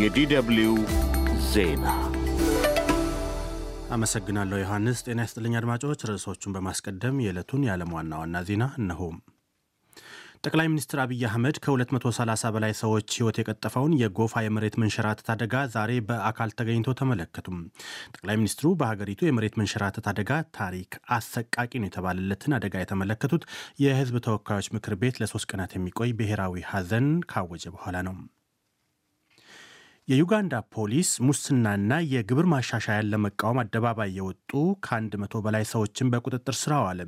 የዲደብልዩ ዜና አመሰግናለሁ ዮሐንስ። ጤና ይስጥልኝ አድማጮች። ርዕሶቹን በማስቀደም የዕለቱን የዓለም ዋና ዋና ዜና እነሆ። ጠቅላይ ሚኒስትር አብይ አህመድ ከ230 በላይ ሰዎች ሕይወት የቀጠፈውን የጎፋ የመሬት መንሸራተት አደጋ ዛሬ በአካል ተገኝቶ ተመለከቱም። ጠቅላይ ሚኒስትሩ በሀገሪቱ የመሬት መንሸራተት አደጋ ታሪክ አሰቃቂ ነው የተባለለትን አደጋ የተመለከቱት የሕዝብ ተወካዮች ምክር ቤት ለሶስት ቀናት የሚቆይ ብሔራዊ ሐዘን ካወጀ በኋላ ነው። የዩጋንዳ ፖሊስ ሙስናና የግብር ማሻሻያን ለመቃወም አደባባይ የወጡ ከአንድ መቶ በላይ ሰዎችን በቁጥጥር ስር አዋለ።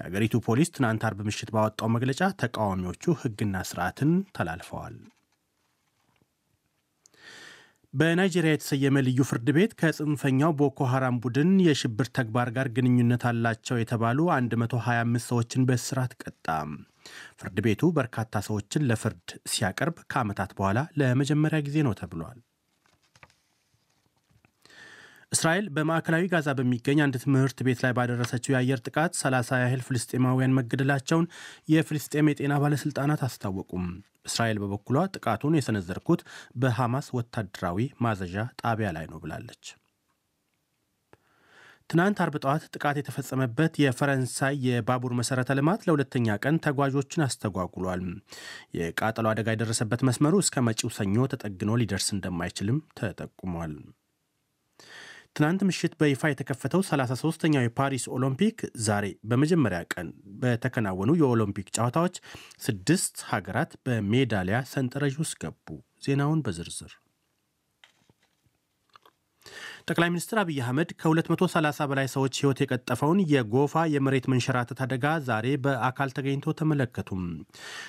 የአገሪቱ ፖሊስ ትናንት አርብ ምሽት ባወጣው መግለጫ ተቃዋሚዎቹ ሕግና ስርዓትን ተላልፈዋል በናይጄሪያ የተሰየመ ልዩ ፍርድ ቤት ከጽንፈኛው ቦኮ ሀራም ቡድን የሽብር ተግባር ጋር ግንኙነት አላቸው የተባሉ 125 ሰዎችን በእስራት ቀጣ። ፍርድ ቤቱ በርካታ ሰዎችን ለፍርድ ሲያቀርብ ከዓመታት በኋላ ለመጀመሪያ ጊዜ ነው ተብሏል። እስራኤል በማዕከላዊ ጋዛ በሚገኝ አንድ ትምህርት ቤት ላይ ባደረሰችው የአየር ጥቃት 30 ያህል ፍልስጤማውያን መገደላቸውን የፍልስጤም የጤና ባለሥልጣናት አስታወቁም። እስራኤል በበኩሏ ጥቃቱን የሰነዘርኩት በሐማስ ወታደራዊ ማዘዣ ጣቢያ ላይ ነው ብላለች። ትናንት አርብ ጠዋት ጥቃት የተፈጸመበት የፈረንሳይ የባቡር መሰረተ ልማት ለሁለተኛ ቀን ተጓዦችን አስተጓጉሏል። የቃጠሎ አደጋ የደረሰበት መስመሩ እስከ መጪው ሰኞ ተጠግኖ ሊደርስ እንደማይችልም ተጠቁሟል። ትናንት ምሽት በይፋ የተከፈተው 33ኛው የፓሪስ ኦሎምፒክ ዛሬ በመጀመሪያ ቀን በተከናወኑ የኦሎምፒክ ጨዋታዎች ስድስት ሀገራት በሜዳሊያ ሰንጠረዥ ውስጥ ገቡ። ዜናውን በዝርዝር ጠቅላይ ሚኒስትር አብይ አህመድ ከ230 በላይ ሰዎች ሕይወት የቀጠፈውን የጎፋ የመሬት መንሸራተት አደጋ ዛሬ በአካል ተገኝቶ ተመለከቱም።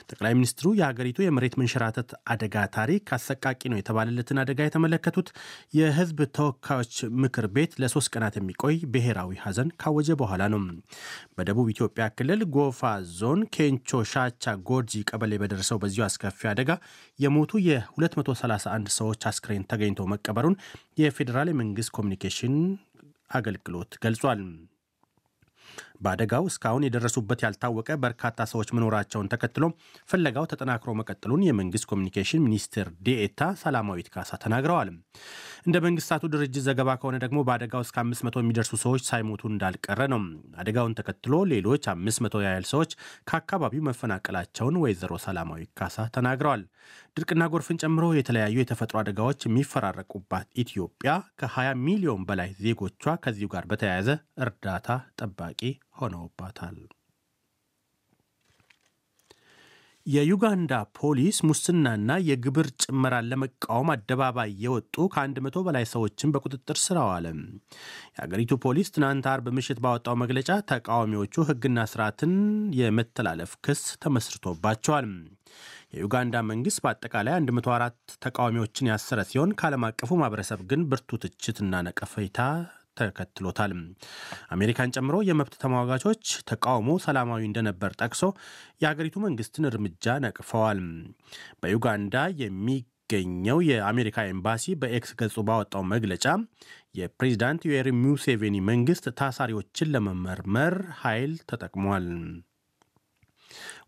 ጠቅላይ ሚኒስትሩ የሀገሪቱ የመሬት መንሸራተት አደጋ ታሪክ አሰቃቂ ነው የተባለለትን አደጋ የተመለከቱት የሕዝብ ተወካዮች ምክር ቤት ለሶስት ቀናት የሚቆይ ብሔራዊ ሀዘን ካወጀ በኋላ ነው። በደቡብ ኢትዮጵያ ክልል ጎፋ ዞን ኬንቾ ሻቻ ጎርጂ ቀበሌ በደረሰው በዚሁ አስከፊ አደጋ የሞቱ የ231 ሰዎች አስክሬን ተገኝቶ መቀበሩን የፌዴራል የመንግስት ኮሚኒኬሽን አገልግሎት ገልጿል። በአደጋው እስካሁን የደረሱበት ያልታወቀ በርካታ ሰዎች መኖራቸውን ተከትሎ ፍለጋው ተጠናክሮ መቀጠሉን የመንግስት ኮሚኒኬሽን ሚኒስትር ዴኤታ ሰላማዊት ካሳ ተናግረዋል። እንደ መንግስታቱ ድርጅት ዘገባ ከሆነ ደግሞ በአደጋው እስከ 500 የሚደርሱ ሰዎች ሳይሞቱ እንዳልቀረ ነው። አደጋውን ተከትሎ ሌሎች 500 ያህል ሰዎች ከአካባቢው መፈናቀላቸውን ወይዘሮ ሰላማዊ ካሳ ተናግረዋል። ድርቅና ጎርፍን ጨምሮ የተለያዩ የተፈጥሮ አደጋዎች የሚፈራረቁባት ኢትዮጵያ ከ20 ሚሊዮን በላይ ዜጎቿ ከዚሁ ጋር በተያያዘ እርዳታ ጠባቂ ሆነውባታል። የዩጋንዳ ፖሊስ ሙስናና የግብር ጭመራን ለመቃወም አደባባይ የወጡ ከ100 በላይ ሰዎችን በቁጥጥር ስር አዋለ። የአገሪቱ ፖሊስ ትናንት አርብ ምሽት ባወጣው መግለጫ ተቃዋሚዎቹ ሕግና ስርዓትን የመተላለፍ ክስ ተመስርቶባቸዋል። የዩጋንዳ መንግስት በአጠቃላይ 104 ተቃዋሚዎችን ያሰረ ሲሆን ከዓለም አቀፉ ማህበረሰብ ግን ብርቱ ትችትና ነቀፈይታ ተከትሎታል። አሜሪካን ጨምሮ የመብት ተሟጋቾች ተቃውሞ ሰላማዊ እንደነበር ጠቅሶ የሀገሪቱ መንግስትን እርምጃ ነቅፈዋል። በዩጋንዳ የሚ የሚገኘው የአሜሪካ ኤምባሲ በኤክስ ገጹ ባወጣው መግለጫ የፕሬዚዳንት ዩዌሪ ሙሴቬኒ መንግስት ታሳሪዎችን ለመመርመር ኃይል ተጠቅሟል።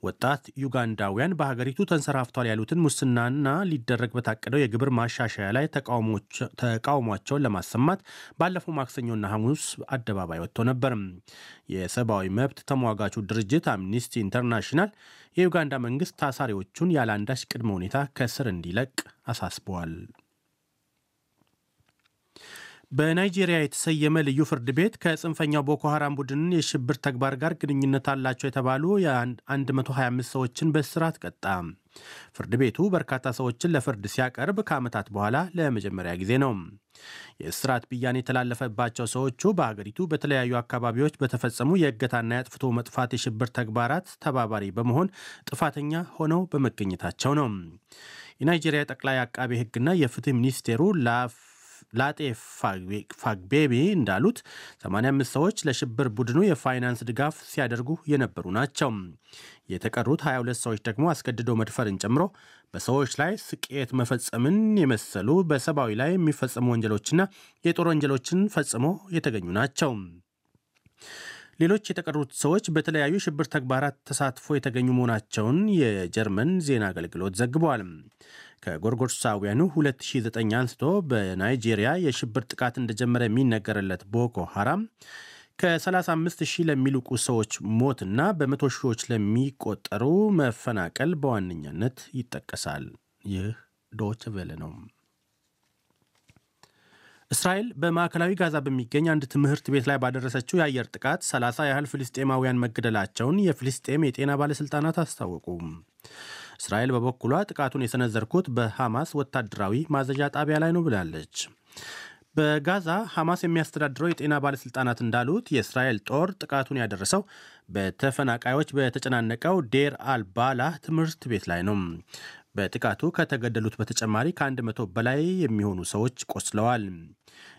ወጣት ዩጋንዳውያን በሀገሪቱ ተንሰራፍቷል ያሉትን ሙስናና ሊደረግ በታቀደው የግብር ማሻሻያ ላይ ተቃውሟቸውን ለማሰማት ባለፈው ማክሰኞና ሐሙስ አደባባይ ወጥቶ ነበር። የሰብአዊ መብት ተሟጋቹ ድርጅት አምኒስቲ ኢንተርናሽናል የዩጋንዳ መንግስት ታሳሪዎቹን ያለ አንዳች ቅድመ ሁኔታ ከእስር እንዲለቅ አሳስበዋል። በናይጄሪያ የተሰየመ ልዩ ፍርድ ቤት ከጽንፈኛው ቦኮ ሀራም ቡድን የሽብር ተግባር ጋር ግንኙነት አላቸው የተባሉ የ125 ሰዎችን በእስራት ቀጣ። ፍርድ ቤቱ በርካታ ሰዎችን ለፍርድ ሲያቀርብ ከዓመታት በኋላ ለመጀመሪያ ጊዜ ነው። የእስራት ብያኔ የተላለፈባቸው ሰዎቹ በሀገሪቱ በተለያዩ አካባቢዎች በተፈጸሙ የእገታና የአጥፍቶ መጥፋት የሽብር ተግባራት ተባባሪ በመሆን ጥፋተኛ ሆነው በመገኘታቸው ነው። የናይጄሪያ ጠቅላይ አቃቤ ሕግና የፍትህ ሚኒስቴሩ ላፍ ላጤ ፋግቤቢ እንዳሉት 85 ሰዎች ለሽብር ቡድኑ የፋይናንስ ድጋፍ ሲያደርጉ የነበሩ ናቸው። የተቀሩት 22 ሰዎች ደግሞ አስገድዶ መድፈርን ጨምሮ በሰዎች ላይ ስቅየት መፈጸምን የመሰሉ በሰብአዊ ላይ የሚፈጸሙ ወንጀሎችና የጦር ወንጀሎችን ፈጽሞ የተገኙ ናቸው። ሌሎች የተቀሩት ሰዎች በተለያዩ ሽብር ተግባራት ተሳትፎ የተገኙ መሆናቸውን የጀርመን ዜና አገልግሎት ዘግቧል። ከጎርጎርሳውያኑ 2009 አንስቶ በናይጄሪያ የሽብር ጥቃት እንደጀመረ የሚነገርለት ቦኮ ሐራም ከ35 ሺህ ለሚልቁ ሰዎች ሞትና በመቶ ሺዎች ለሚቆጠሩ መፈናቀል በዋነኛነት ይጠቀሳል። ይህ ዶችቬለ ነው። እስራኤል በማዕከላዊ ጋዛ በሚገኝ አንድ ትምህርት ቤት ላይ ባደረሰችው የአየር ጥቃት 30 ያህል ፍልስጤማውያን መገደላቸውን የፍልስጤም የጤና ባለሥልጣናት አስታወቁ። እስራኤል በበኩሏ ጥቃቱን የሰነዘርኩት በሐማስ ወታደራዊ ማዘዣ ጣቢያ ላይ ነው ብላለች። በጋዛ ሐማስ የሚያስተዳድረው የጤና ባለሥልጣናት እንዳሉት የእስራኤል ጦር ጥቃቱን ያደረሰው በተፈናቃዮች በተጨናነቀው ዴር አልባላህ ትምህርት ቤት ላይ ነው። በጥቃቱ ከተገደሉት በተጨማሪ ከ100 በላይ የሚሆኑ ሰዎች ቆስለዋል።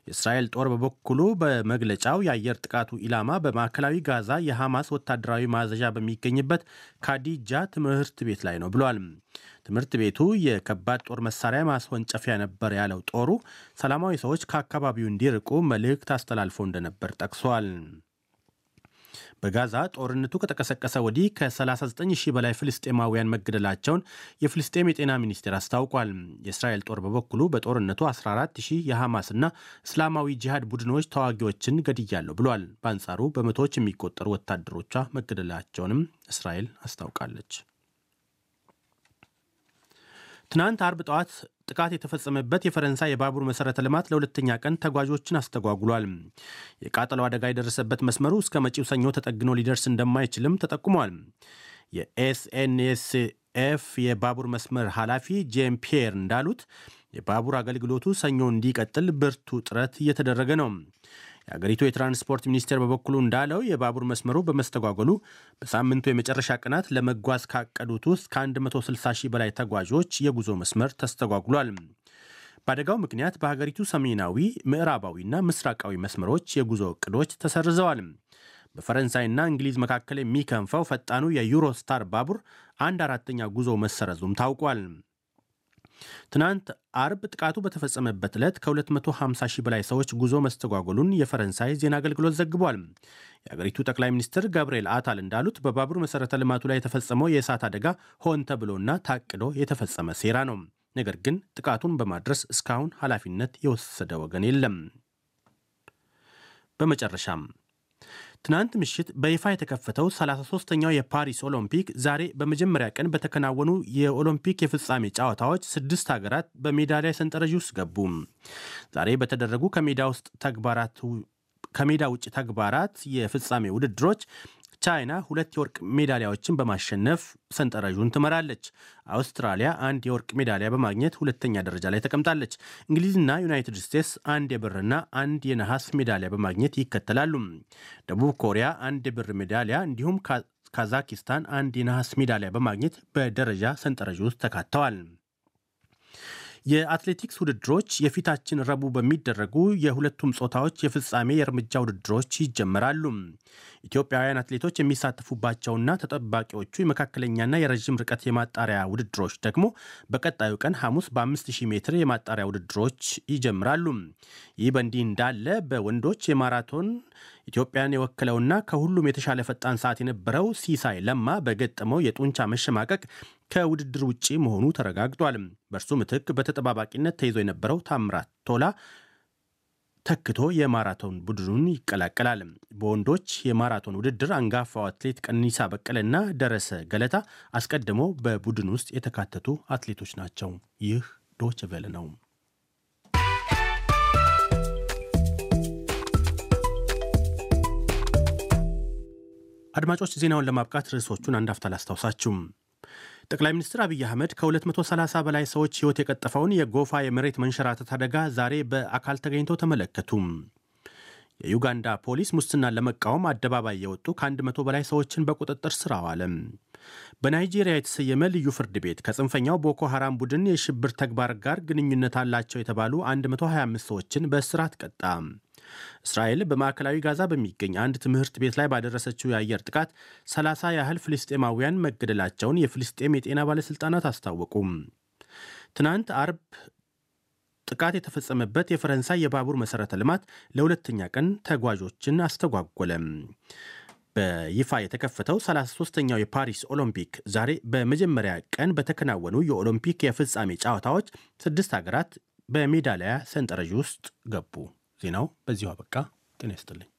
የእስራኤል ጦር በበኩሉ በመግለጫው የአየር ጥቃቱ ኢላማ በማዕከላዊ ጋዛ የሐማስ ወታደራዊ ማዘዣ በሚገኝበት ካዲጃ ትምህርት ቤት ላይ ነው ብሏል። ትምህርት ቤቱ የከባድ ጦር መሳሪያ ማስወንጨፊያ ነበር ያለው ጦሩ ሰላማዊ ሰዎች ከአካባቢው እንዲርቁ መልእክት አስተላልፎ እንደነበር ጠቅሷል። በጋዛ ጦርነቱ ከተቀሰቀሰ ወዲህ ከ39 ሺህ በላይ ፍልስጤማውያን መገደላቸውን የፍልስጤም የጤና ሚኒስቴር አስታውቋል። የእስራኤል ጦር በበኩሉ በጦርነቱ 14 ሺህ የሐማስና እስላማዊ ጂሃድ ቡድኖች ተዋጊዎችን ገድያለሁ ብሏል። በአንጻሩ በመቶዎች የሚቆጠሩ ወታደሮቿ መገደላቸውንም እስራኤል አስታውቃለች። ትናንት አርብ ጠዋት ጥቃት የተፈጸመበት የፈረንሳይ የባቡር መሰረተ ልማት ለሁለተኛ ቀን ተጓዦችን አስተጓጉሏል። የቃጠሎ አደጋ የደረሰበት መስመሩ እስከ መጪው ሰኞ ተጠግኖ ሊደርስ እንደማይችልም ተጠቁሟል። የኤስኤንኤስኤፍ የባቡር መስመር ኃላፊ ጄም ፒየር እንዳሉት የባቡር አገልግሎቱ ሰኞ እንዲቀጥል ብርቱ ጥረት እየተደረገ ነው። የአገሪቱ የትራንስፖርት ሚኒስቴር በበኩሉ እንዳለው የባቡር መስመሩ በመስተጓጎሉ በሳምንቱ የመጨረሻ ቀናት ለመጓዝ ካቀዱት ውስጥ ከ160 ሺህ በላይ ተጓዦች የጉዞ መስመር ተስተጓጉሏል። በአደጋው ምክንያት በሀገሪቱ ሰሜናዊ ምዕራባዊና ምስራቃዊ መስመሮች የጉዞ እቅዶች ተሰርዘዋል። በፈረንሳይና እንግሊዝ መካከል የሚከንፈው ፈጣኑ የዩሮስታር ባቡር አንድ አራተኛ ጉዞ መሰረዙም ታውቋል። ትናንት አርብ ጥቃቱ በተፈጸመበት ዕለት ከ250 ሺህ በላይ ሰዎች ጉዞ መስተጓጎሉን የፈረንሳይ ዜና አገልግሎት ዘግቧል። የአገሪቱ ጠቅላይ ሚኒስትር ገብርኤል አታል እንዳሉት በባቡር መሠረተ ልማቱ ላይ የተፈጸመው የእሳት አደጋ ሆን ተብሎና ታቅዶ የተፈጸመ ሴራ ነው። ነገር ግን ጥቃቱን በማድረስ እስካሁን ኃላፊነት የወሰደ ወገን የለም። በመጨረሻም ትናንት ምሽት በይፋ የተከፈተው 33ኛው የፓሪስ ኦሎምፒክ ዛሬ በመጀመሪያ ቀን በተከናወኑ የኦሎምፒክ የፍጻሜ ጨዋታዎች ስድስት ሀገራት በሜዳሊያ ሰንጠረዥ ውስጥ ገቡ። ዛሬ በተደረጉ ከሜዳ ውስጥ ከሜዳ ውጭ ተግባራት የፍጻሜ ውድድሮች ቻይና ሁለት የወርቅ ሜዳሊያዎችን በማሸነፍ ሰንጠረዡን ትመራለች። አውስትራሊያ አንድ የወርቅ ሜዳሊያ በማግኘት ሁለተኛ ደረጃ ላይ ተቀምጣለች። እንግሊዝና ዩናይትድ ስቴትስ አንድ የብርና አንድ የነሐስ ሜዳሊያ በማግኘት ይከተላሉ። ደቡብ ኮሪያ አንድ የብር ሜዳሊያ እንዲሁም ካዛኪስታን አንድ የነሐስ ሜዳሊያ በማግኘት በደረጃ ሰንጠረዥ ውስጥ ተካተዋል። የአትሌቲክስ ውድድሮች የፊታችን ረቡዕ በሚደረጉ የሁለቱም ጾታዎች የፍጻሜ የእርምጃ ውድድሮች ይጀመራሉ። ኢትዮጵያውያን አትሌቶች የሚሳተፉባቸውና ተጠባቂዎቹ የመካከለኛና የረዥም ርቀት የማጣሪያ ውድድሮች ደግሞ በቀጣዩ ቀን ሐሙስ በ5000 ሜትር የማጣሪያ ውድድሮች ይጀምራሉ። ይህ በእንዲህ እንዳለ በወንዶች የማራቶን ኢትዮጵያን የወክለውና ከሁሉም የተሻለ ፈጣን ሰዓት የነበረው ሲሳይ ለማ በገጠመው የጡንቻ መሸማቀቅ ከውድድር ውጪ መሆኑ ተረጋግጧል። በእርሱ ምትክ በተጠባባቂነት ተይዞ የነበረው ታምራት ቶላ ተክቶ የማራቶን ቡድኑን ይቀላቀላል። በወንዶች የማራቶን ውድድር አንጋፋው አትሌት ቀኒሳ በቀለና ደረሰ ገለታ አስቀድሞ በቡድን ውስጥ የተካተቱ አትሌቶች ናቸው። ይህ ዶች ቬለ ነው። አድማጮች ዜናውን ለማብቃት ርዕሶቹን አንድ አፍታ ላስታውሳችሁ። ጠቅላይ ሚኒስትር አብይ አህመድ ከ230 በላይ ሰዎች ሕይወት የቀጠፈውን የጎፋ የመሬት መንሸራተት አደጋ ዛሬ በአካል ተገኝተው ተመለከቱ። የዩጋንዳ ፖሊስ ሙስናን ለመቃወም አደባባይ የወጡ ከ100 በላይ ሰዎችን በቁጥጥር ስር አዋለ። በናይጄሪያ የተሰየመ ልዩ ፍርድ ቤት ከጽንፈኛው ቦኮ ሐራም ቡድን የሽብር ተግባር ጋር ግንኙነት አላቸው የተባሉ 125 ሰዎችን በእስራት ቀጣ። እስራኤል በማዕከላዊ ጋዛ በሚገኝ አንድ ትምህርት ቤት ላይ ባደረሰችው የአየር ጥቃት 30 ያህል ፍልስጤማውያን መገደላቸውን የፍልስጤም የጤና ባለሥልጣናት አስታወቁ። ትናንት አርብ ጥቃት የተፈጸመበት የፈረንሳይ የባቡር መሠረተ ልማት ለሁለተኛ ቀን ተጓዦችን አስተጓጎለ። በይፋ የተከፈተው 33ኛው የፓሪስ ኦሎምፒክ ዛሬ በመጀመሪያ ቀን በተከናወኑ የኦሎምፒክ የፍጻሜ ጨዋታዎች ስድስት ሀገራት በሜዳሊያ ሰንጠረዥ ውስጥ ገቡ። ዜናው በዚሁ አበቃ። ጤና ይስጥልኝ።